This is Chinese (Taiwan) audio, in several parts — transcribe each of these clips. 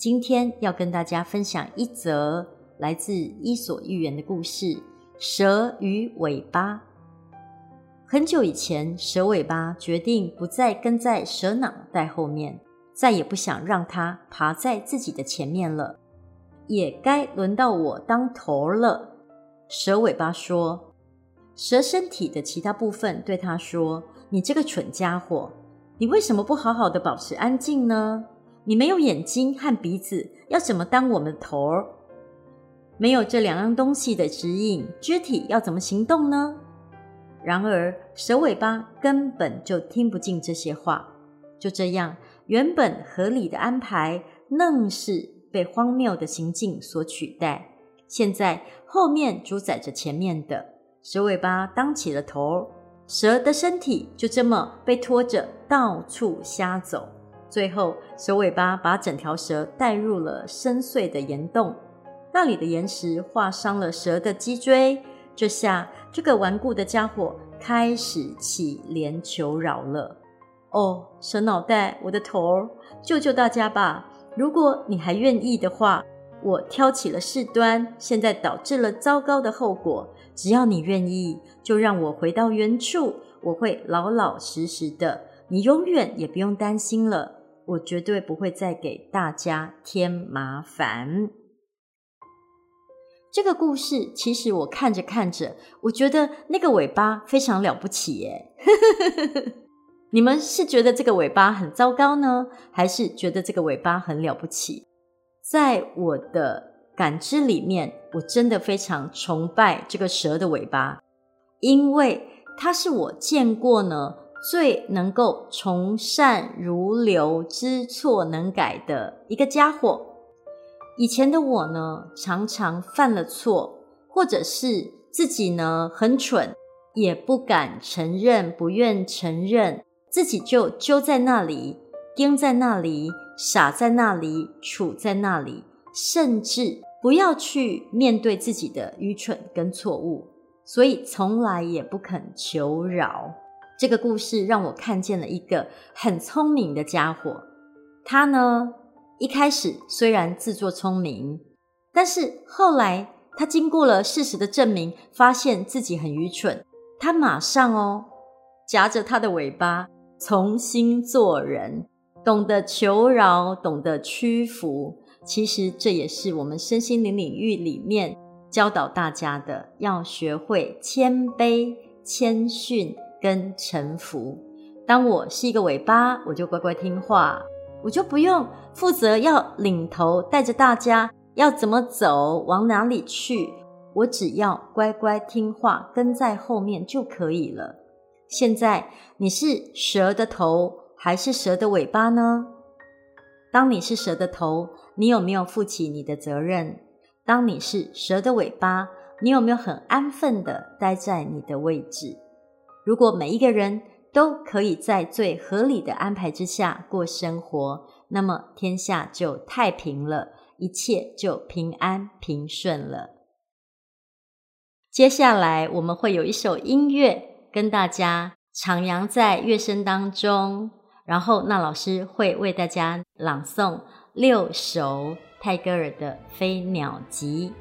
今天要跟大家分享一則來自《伊索寓言》的故事——蛇與尾巴。很久以前，蛇尾巴決定不再跟在蛇腦袋後面，再也不想讓它爬在自己的前面了。也該輪到我當頭了，蛇尾巴說。蛇身體的其他部分對它說：“你這個蠢家伙，你為什麼不好好的保持安靜呢？”你沒有眼睛和鼻子，要怎麼當我們的頭兒？沒有這兩樣東西的指引，肢體要怎麼行動呢？然而，蛇尾巴根本就聽不進這些話。就這樣，原本合理的安排，愣是被荒謬的行徑所取代。現在，後面主宰着前面的，蛇尾巴當起了頭，蛇的身體就這麼被拖着到處瞎走。最後，蛇尾巴把整條蛇帶入了深邃的岩洞，那裡的岩石劃傷了蛇的脊椎。這下，這個頑固的家伙開始乞憐求饒了。哦，蛇腦袋，我的頭，救救大家吧！如果你還願意的話，我挑起了事端，現在導致了糟糕的後果。只要你願意，就讓我回到原處，我會老老實實的。你永遠也不用擔心了。我絕對不會再給大家添麻煩。這個故事其實我看着看着，我覺得那個尾巴非常了不起耶！ 你們是覺得這個尾巴很糟糕呢？還是覺得這個尾巴很了不起？在我的感知裡面，我真的非常崇拜這個蛇的尾巴，因為它是我見過呢。最能夠從善如流、知錯能改的一個家伙。以前的我呢，常常犯了錯，或者是自己呢很蠢，也不敢承認，不願承認，自己就揪在那裡，盯在那裡，傻在那裡，杵在那裡，甚至不要去面對自己的愚蠢跟錯誤，所以從來也不肯求饒。這個故事讓我看見了一個很聰明的傢伙。他呢，一開始雖然自作聰明，但是後來他經過了事實的證明，發現自己很愚蠢。他馬上哦，夾着他的尾巴重新做人，懂得求饒，懂得屈服。其實這也是我們身心靈領域裡面教導大家的，要學會謙卑、謙遜。跟臣服。當我是一個尾巴，我就乖乖聽話，我就不用負責要領頭帶着大家要怎麼走，往哪裡去。我只要乖乖聽話，跟在後面就可以了。現在你是蛇的頭還是蛇的尾巴呢？當你是蛇的頭，你有沒有負起你的責任？當你是蛇的尾巴，你有沒有很安分的待在你的位置？如果每一個人都可以在最合理的安排之下過生活，那麼天下就太平了，一切就平安平順了。接下來我們會有一首音樂跟大家徜徉在樂聲當中，然後那老師會為大家朗誦六首泰戈爾的《飛鳥集》。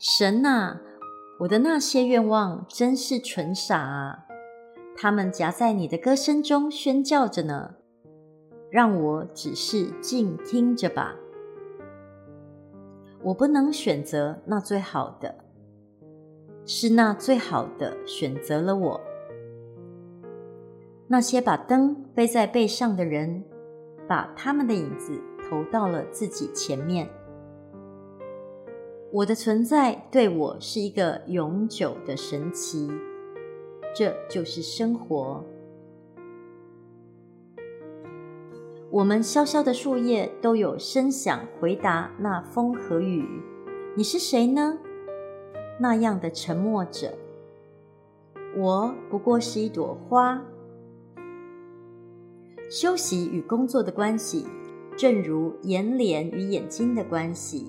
神吶，啊！我的那些願望真是蠢傻啊！他們夾在你的歌聲中喧叫着呢，讓我只是靜聽着吧。我不能選擇那最好的，是那最好的選擇了我。那些把燈背在背上的人，把他們的影子投到了自己前面。我的存在對我是一個永久的神奇，這就是生活。我們蕭蕭的樹葉都有聲響回答那風和雨，你是誰呢？那樣的沉默着。我不過是一朵花。休息與工作的關係，正如眼瞼與眼睛的關係。